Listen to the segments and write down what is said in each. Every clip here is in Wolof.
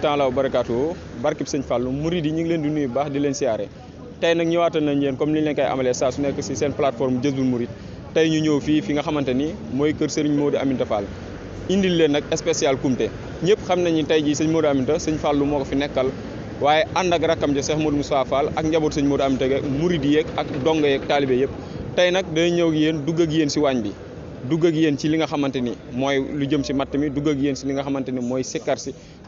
taala wa barakaatu barkib sëñ Fallou murid yi ñu ngi leen di nuyu baax di leen siyaare tey nag ñëwaatal nañ leen comme ni ñu leen koy amalee saa su nekk si seen plateforme Jazboul Mouride tey ñu ñëw fii fi nga xamante ni mooy kër sëriñ Modou Aminta Fall indil leen nag spécial kumte ñëpp xam nañu tey jii sëñ Modou Aminta sëñ Fallou moo ko fi nekkal waaye ànd ak rakkam ja Cheikh Modou Moussa Fall ak njaboot sañ Modou Aminta ge murid yeeg ak donga yeeg taalibe yëpp tey nag dinañ ñëw yéen dugg ak yéen si waañ bi dugg yéen ci li nga xamante ni mooy lu jëm si matt mi dugg yéen si li nga xamante ni mooy sikkar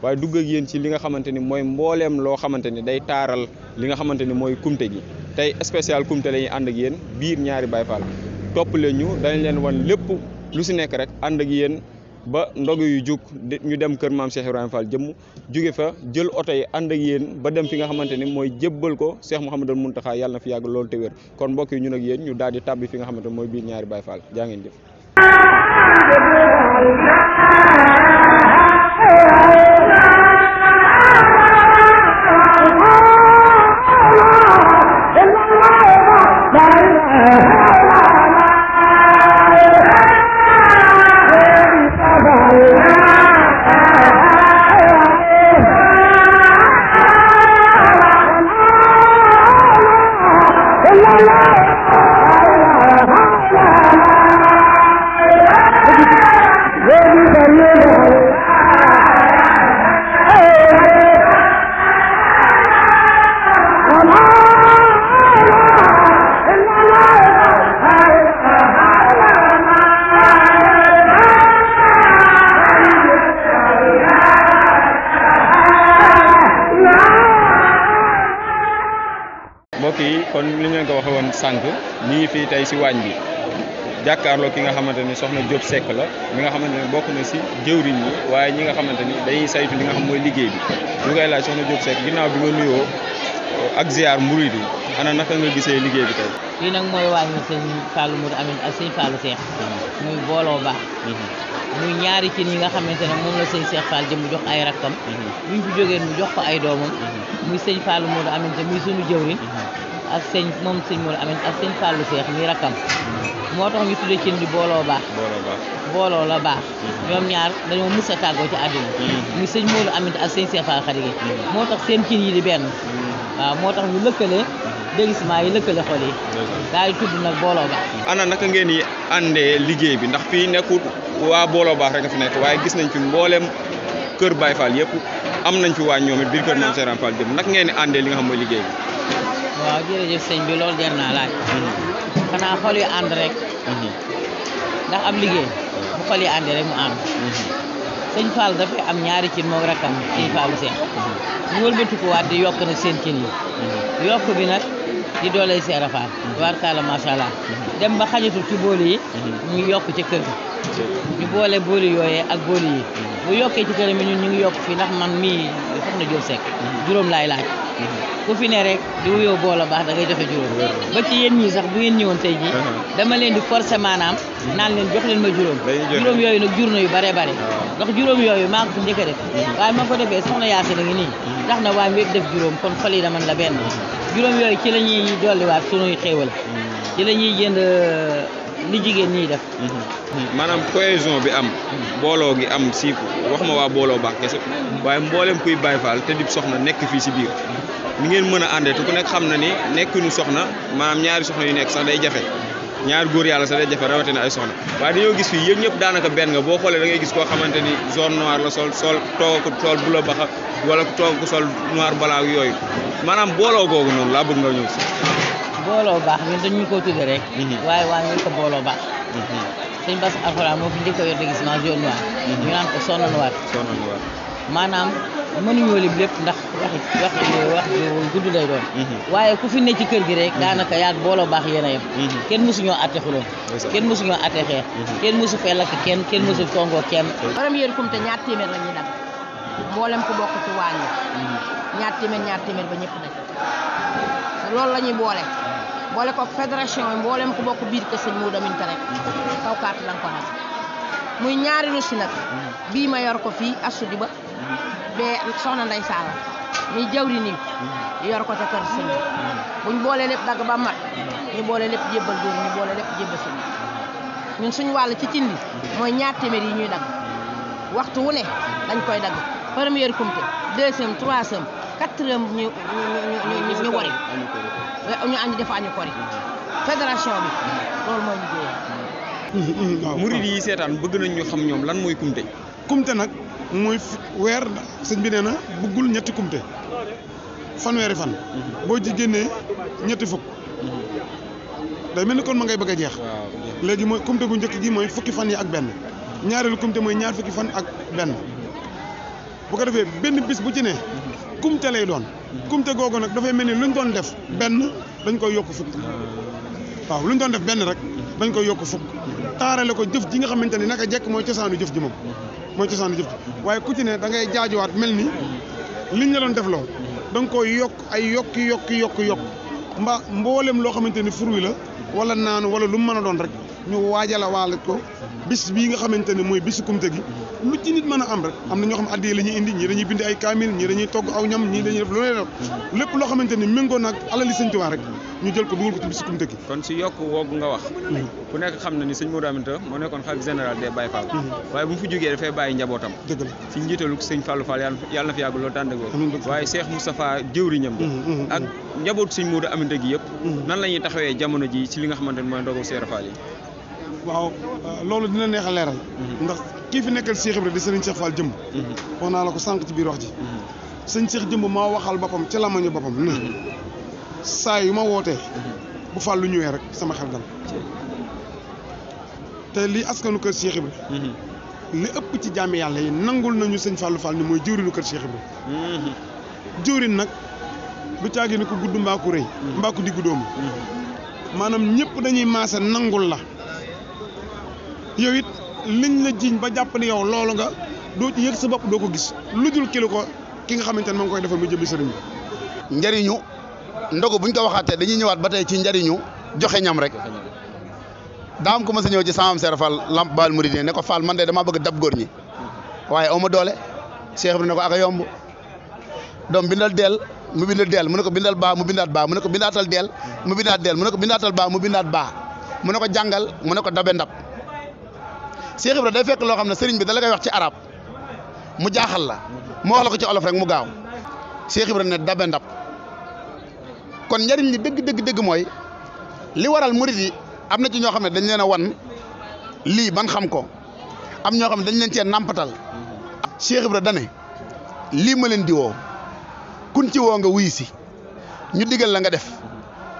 waye dugg ak yeen ci li nga xamanteni moy mbollem lo xamanteni day taral li nga xamanteni moy kumte gi tay spécial kumte la and ak yeen biir ñaari Baye Fall topp dañ leen won lepp lu ci nek rek and ak yeen ba ndog yu juk ñu dem kër maam Cheikh ibrahim Fall jëm jóge fa jël auto yi and ak yeen ba dem fi nga xamanteni moy mooy ko Cheikh mohammed al muntaha na fi yag lool te wër kon mbokk yu ñun ak yeen ñu daldi di fi nga xamanteni moy biir ñaari Baye Fall sànq ñu ngi fii tey si waañ bi jàkkaarloo ki nga xamante ni soxna Diop Seck la mi nga xamante ne bokk na si jëwriñ ñi waaye ñi nga xamante ni dañuy saytu li nga xam mooy liggéey bi ñu koy laaj soxna Diop Seck ginnaaw bi nga nuyoo eh, ak ziar murid yi ana naka nga gisee liggéey bi tey. fii nag mooy waañu sëñ Fallou Modou Amine ak sëñ booloo baax ñaari cin yi nga xamante ne moom la sëñ Cheikh Fall jëm mu jox ay rakkam. Mhm. bu ñu fi mu jox ko ay doomam. Mhm. muy sëñ Fallou Modou Aminta muy sunu jëwriñ. Mhm. ak sëñ moom sëñ Mor Amin ak sëñ Fallou Seex mi rakkam moo tax ñu tudde cin bi booloo baax booloo la baax mhm. ñoom ñaar dañoo mus a tàggoo ci àdduna mhm. muy sëñ Mor Amin ak sëñ Seex Fall mhm. moo tax seen cin yi di benn waaw moo tax ñu lëkkale déggisement yi lëkkale xol yi daal di tudd nag booloo baax ana naka ngeen yi àndee liggéey bi ndax fii nekkut waa booloo baax rek nga fi nekk waaye gis nañ fi mbooleem kër baay faal yëpp am nañ fi waa ñoom it biir kër Mame Serap ngeen di àndee li nga xam mooy liggéey waaw jërëjëf sëñ bi loolu jar naa laaj. Mhm. xanaa xol yu ànd rek. Mhm. ndax ab liggéey. bu xol yi àndee rek mu ànd. Mhm. sëñ Fall dafay am ñaari cin moom rakkam sëñ Fallu seen. ñu wëlbati ko waat di yokk nag seen cin yi. yokk bi nag di doole seera Fall. tubaarkalla macha allah. dem ba xajatul ci booli yi. ñu yokk ci kër gi. ñu boole booli yooyee ak booli yi. bu yokkee ci kër mi ñun ñu ngi yokk fii ndax man mii soxna Diop Seck. juróom laay laaj. ku fi ne rek di wuyoo booloo baax da ngay joxe juróom ba ci yéen ñii sax bu ngeen ñëwoon tey jii dama leen di forcer maanaam naan leen jox leen ma juróom juróom yooyu nag jurna yu bare bare ndax juróom yooyu maa ko fi njëkk a def waaye ma ko defee soxna yaasi a ngi nii tax na waa wépp def juróom kon xol yi dama la benn juróom yooyu ci la ñuy waat sunuy xéewal ci la ñuy jënd li jigéen ñiy def. maanaam cohésion bi am. booloo gi am si waxuma waa booloo baax kese waaye mboolem kuy Baay Faal te dib soxna nekk fii si biir ni ngeen mën a àndee te ku nekk xam na ni nekkuñu soxna maanaam ñaari soxna yu nekk sax day jafe. ñaari góor yàlla sax day jafe rawatina ay soxna waaye dañoo gis fii yëpp ñëpp daanaka benn nga boo xoolee da ngay gis koo xamante ni zone noire la sol sol toog ko sol bu la baxa wala toog sol noir balaa yooyu maanaam booloo googu noonu laa bëgg nga ñëw si. mbooloo baax ñun dañu ko tudde rek waaye wàññil ko mbooloo baax sëñ Bass Alxuraan moo fi njëkk a yor déguisement jaune noir ñu naan ko sonn noir sonn noir maanaam mënuñoo lim lépp ndax wax wax wax gudd lay doon mhm. waaye ku fi ne ci kër gi rek mhm. daanaka yaag booloo baax yéen a yem mhm. kenn mosuñoo Ken xuloon kenn mosuñoo atte ken. kenn mosu fee lakk kenn kenn mosu songoo kenn borom yéen kumte ñaar téeméer la ñuy dagg mboolem ku ci waañ ñaar téeméer ñaar téeméer ba ñëpp nag loolu la boole boole ko fédération yi mboolem ku bokk biir kër sëñ Modou Aminta rek kaw kaat la ko def muy ñaari russi bii ma yor ko fii asu di ba bee soxna Ndey Saala muy jawri nii yor ko ca kër buñ boolee lépp dagg ba mat ñu boole lépp jébbal góor ñu boole lépp jébbal sëñ ñun suñu wàll ci cindi mooy ñaar téeméer yi ñuy dagg waxtu wu ne dañ koy dagg première comité deuxième troisième tërëm ñu ñu ñu wari ñu andi dafa añu waaw murid yi seetaan bëgg nañu ñu xam ñoom lan mooy kumte kumte nag mooy weer sëñ bi nee na bëggul ñetti kumte fanweeri fan mhm. boo ci génnee ñetti fukk mhm. day mel ni kon ma ngay bëgg jeex léegi mooy kumte bu njëkk gi mooy fukki fan yi ak benn ñaareelu kumte mooy ñaar fukki fan ak benn bu ko defee benn bis bu ci ne kumte lay doon kumte googu nag dafay mel ni luñ doon def benn dañ koy yokk fukk waaw luñ doon def benn rek dañ koy yokk fukk taarale ko jëf ji nga xamante ni naka jekk mooy cosaanu jëf ji moom mooy cosaanu jëf ji waaye ku ci ne da ngay jaajuwaat mel ni liñ la doon def lool da koy yokk ay yokk yokki yokk yokk mba mboolem loo xamante ni fruit la wala naanu wala lu mu mën a doon rek ñu waajala waale ko bis bii nga xamante ni mooy bisu kumte gi lu ci nit mën a am rek am na ñoo xam ne addiye la ñuy indi ñii dañuy bind ay kaamil ñii dañuy togg aw ñam ñii dañuy def lu leen def lépp loo xamante ni méngoo naag alali sëñ Tuubaa rek ñu jël ko dugal ko kon si yokk woogu nga wax ku nekk xam na ni sëñ Modou Aminta moo nekkoon xalifa général des Baye Fall mm-hmm. waaye bu mu fi jógee dafay bàyyi njabootam dëgg la si njiitalu sëñ Fallou Fall yàlla na fi yàgg loolu tàndagoo waaye Cheikh Moustapha jëwriñam mm-hmm, mm-hmm, ak njabootu sëñ Modou Aminta gi yëpp nan la ñuy taxawee jamono ji ci li nga xamante ni mooy ndogu Cheikh Fall yi waaw euh, loolu dina neex a leeral. Mhm. ndax kii fi nekkal Cheikh Ibrahima di Serigne Cheikh Fall jëmb. Mhm. wax naa la ko sànq ci biir wax ji. Mhm. sëñ Cheikh jëmb moo waxal boppam ca lamañu boppam ne saa yu ma wootee. bu fàllu ñëwee rek sama xel dal. te lii askanu kër Cheikh Ibrahima. li ëpp ci jaami yàlla yi nangul nañu sëñ Fallou Fall ni mooy jëwrinu kër Cheikh Ibrahima. jëwrin nag du caagi ni ko gudd mbaa ku rëy. mbaa ku diggu doomu. maanaam ñëpp dañuy maase nangul la. yow it liñ la jiñ ba jàpp ne yow loolu nga doo ci yëg sa bopp doo ko gis lu dul kilo ko ki nga xamante ne moo ngi koy defal mu jëmmi sëriñ bi njëriñu ndogu buñ ko waxaatee dañuy ñëwaat ba tey ci njariñu joxe ñam rek daam ko ma sa ñëw ci samam seer fa Lamp Baal Mourideen ne ko Fall man de damaa bëgg dab góor ñi waaye aw ma doole Cheikh bi ne ko ak a yomb doom bindal deel mu bindal deel mu ne ko bindal baa mu bindaat baa mu ne ko bindaatal deel mu bindaat deel mu ne ko bindaatal baa mu bindaat baa mu ne ko jàngal mu ne ko dabe ndab Cheikh Ibra day fekk loo xam ne sëriñ bi dala la wax ci arab mu jaaxal la mu wax la ko ci olof rek mu gaaw Cheikh Ibra ne dabe ndab kon njariñ li dëgg dëgg dëgg mooy li waral murit yi am na ci ñoo xam ne dañ leen a wan lii ban xam ko am ñoo xam ne dañ leen cee nàmpatal Cheikh Ibra dane lii ma leen di woo kun ci woo nga wuy si ñu digal la nga def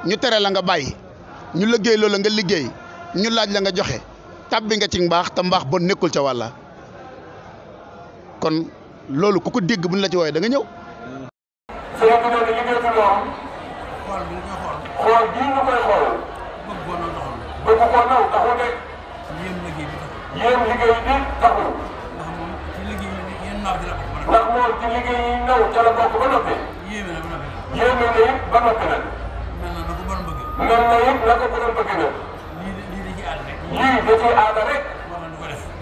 ñu tere la nga bàyyi ñu liggéey loola nga liggéey ñu laaj la nga joxe tabbi nga ci mbax ta mbax bon nekkul ci wala kon loolu ku deg buñ la ci woy da nga ñew seet bi nag liggéey ci moom xool koy bëgg ko de liggéey bi ndax ci liggéey yi la bokk ba na it ba mel na na bëgg na lii da ciy aada rek.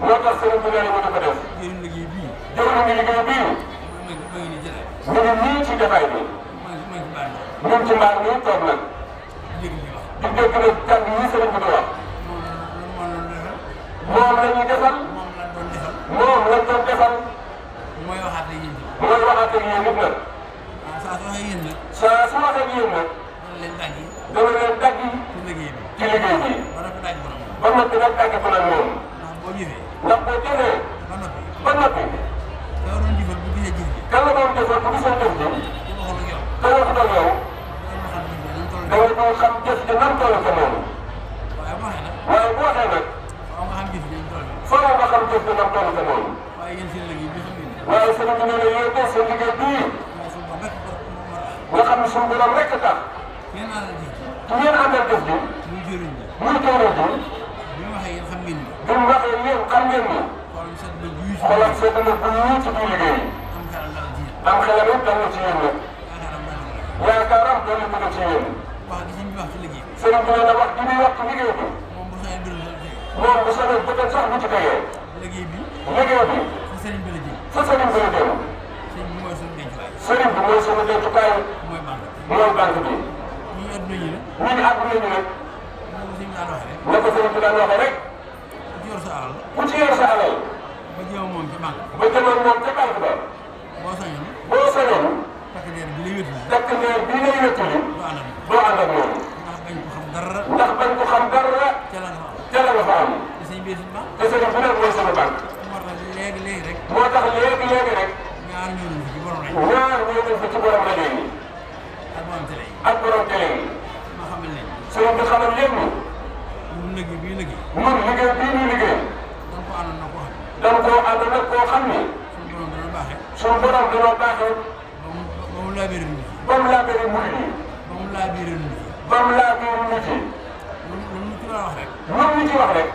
moo tax sëriñ bi nee na mën na ko def. jëriñ liggéey bii. jëriñ liggéey bii. ñu ngi ci jotaay bi. ñu ngi ci mbaar mi toog nag. di dégg nag kàddu yi sëriñ bi di wax. moom la ñuy defal. moom lañ doon defal. mooy waxaat ak yéen nit. mooy waxaat ak yéen nit bi. ba noppi nag tàggatu nañ moom. ndax boo ñëwee. ndax boo ñëwee. ba noppi ba noppi. ka waroon jëfal bu gisee jëf ji. ka la doon jëfal bu gisee jëf ji. te waxut ak yow. da nga doon xam jëf ji nan toll ak moom. waaye bu waxee nag. faaw nga xam jëf ji nan toll ak moom. waaye sëñ bi nee na yow de sa liggéey bii. nga xam ne suñu borom rek tax. ngeen àndal jëf ji. muy jëriñ ji. bi mu waxee yéen xam ngeen ni xolam sedd na guy ci biir liggéey am xelam it dal na ci yéen nag yaakaaram dal na ci yéen sëriñ bi nee na wax gi muy wax ci liggéey bi moom bu soobee bëgg sax bu ci tegee liggéey bi sa sëriñ bi la jëm sëriñ bi mooy suñu dencukaay mooy banque bi ñu ngi àdduna ñu nag na ko sëriñ bi daan waxee rek ku ci yor sa alal. ba jëma moom ca banque. ba jëma moom ca banque ba. boo sañoon. boo sañoon. takk leer bi lay wéttali. takk leer bi lay wéttali. doo ànd ak moom. ndax bañ ko xam dara. ndax bañ ko xam dara. ca la nga fa am ca la nga fa am. te sëñ bi sama banque. te sëñ bi mooy sama banque. moo tax léegi léegi rek. moo tax léegi léegi rek. ñaar ñoo ñu ci borom rek. ñaar ñoo ñu ci borom rajo yi. ak borom télé yi. ak borom télé yi. ma xamal leen. sëñ bi xamal leen. ñun liggéey bii liggéey. ñun liggéey bii ñu liggéey. àndoon na koo xam. da nga koo àndoon ak koo xam ni. suñu borom dana baaxee. suñu borom dana baaxee. ba mu laa biiral nit yi. ba mu laa biiral nit yi. ba mu laa biiral nit yi. ba mu laa biiral nit yi. lu lu mu ci wax rek. lu mu ci wax rek.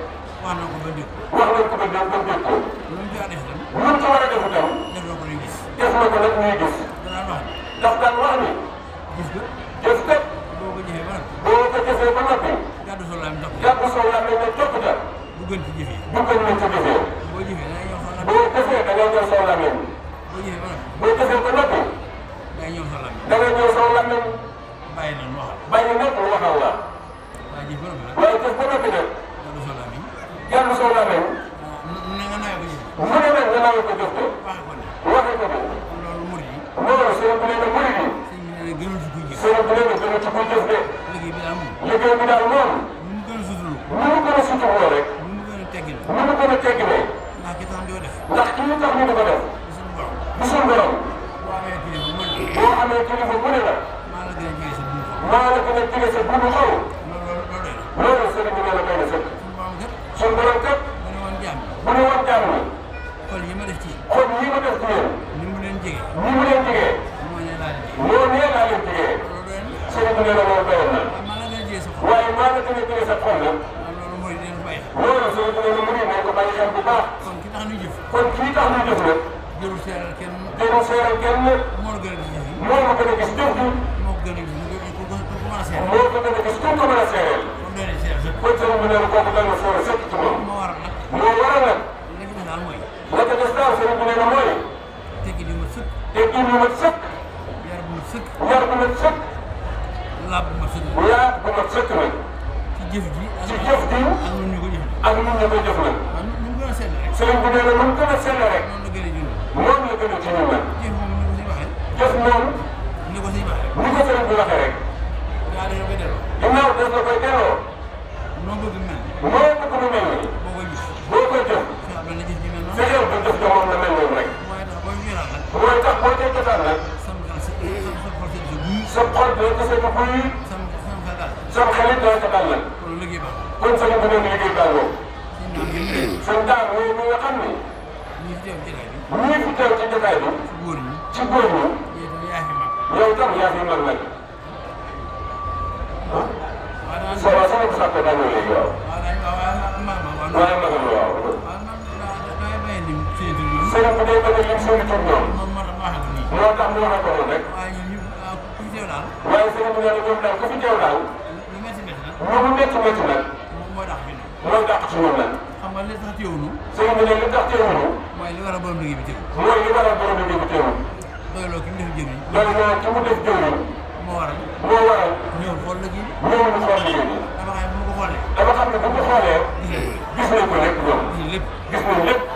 wax na ko ba dégg. wax na ko ba dégg ba dégg ko. lu mu ci war a def tam. lu mu ci war a def tam. def na ko lay gis. def na ko nag muy gis. danaa wax ni. daf daan wax ni. jëf ga. jëf ga. boo ko jëfee ba noppi. boo ko jëfee ba noppi. gàddu soo laam topp. gàddu soo laam topp bëggoon ci jëfee. bëggoon nañ ci jëfee. boo jëfee da ngay ñëw soxla. boo jëfee da ngay ñëw soxla meñ. boo jëfee ba noppi. boo jëfee ba noppi. da ngay ñëw soxla meñ. da ngay ñëw soxla meñ. bàyyi na mu waxal. bàyyi na mu waxal la. waaye jëf ba noppi nag. waaye jëf ba noppi nag. jàll soxla meñ. jàll soxla meñ. na nga nawee ko jëf. mu ne nag nga nawee ko jëf ko. waxe ko ne. waxe ko ne. loolu mur yi. loolu sëñ bi nee na mur yi. sëñ bi nee na gënul ci kuy jëf. sëñ bi nee na gënul ci kuy jëf de. liggéey bi daal moom. liggéey bi daal moom. ñu gën a sutura. ñu gën a sutura. bu ñu xaw. loolu sëriñ bi nee na doy na sëkk. suñu borom képp. bu ñu woon jàmm. xol yi ma def ci yéen. ni mu leen jege. ni mu leen jege. moo nee laa leen jege. sëriñ bi nee na loolu doyoon na. waaye maa nga gën a jege sa xol nag. loolu sëriñ bi nee na mu ne nañ ko bàyyi xel bu baax. kon kii tax ñuy jëf. kon kii tax ñuy jëf nag. jëru seeral kenn. jëru seeral kenn. moo la gën a gis jëf ji. moo la gën a gis jëf ji. mën a seet. loolu ko mën a gis ku ko mën a seetal. kon doy nañ seet rek. kon sëriñ bi nee na kooku doy na seet rek ci moom. moo waral nag. moo waral nag. li nga gis daal mooy. la ko gis daal sëriñ bi nee na mooy. teggin yu mat sëkk. teggin yu mat sëkk. yar bu mat sëkk. yar bu mat sëkk. laab bu mat sëkk. laab bu mat sëkk nag. ci jëf ji. ci jëf ji. ak ñun ñu ko jëf. ak ñun ñu ko jëf nag. ñu gën a seet rek. sëriñ bi nee na ñu gën a seet rek. moom la gën a ci ñun nag. jëf moom ni ko sëriñ bi waxee rek ginnaaw dañoo koy delloo. ginnaaw dañ la koy delloo. noo bëgg mel. noo bëgg mu mel nii. boo ko gis. boo ko jëf. fexeel ba jëf ca moom la mel noonu rek. mooy tax boo dee jotaan rek. sa xol dina ko seetlu buy. sa xel it dina ko dal nag. kon sa nga bëggoon liggéey baal boobu. seen daan yooyu mi nga xam ni. ñii fi teew ci jotaay bi. ci góor ñi. yow tam yaa fi mag nag. waaw waaw sama saako daa ñëw léegi waaw. waaye ma gën waaw. sëñ bi day bëgg lim seen i tur ñoom. moo tax mu wax ak loolu rek. waaye sëñ bi nee na ñoom daal ku fi teew daal. lu mu métti métti nag. mooy dàq ci ñoom nag. xam nga li tax teewuñu. sëñ bi ne li tax teewuñu. mooy li waral borom liggéey bi teewul. mooy li waral borom liggéey bi teewul. doy loo ki mu def jëriñ. doy loo ki mu def jëriñ. moo waral. moo waral. ñëw xool la kii. ñëw na xool liggéey bi. dama xam ne bu ko xoolee. dama xam ne bu ko xoolee. lépp.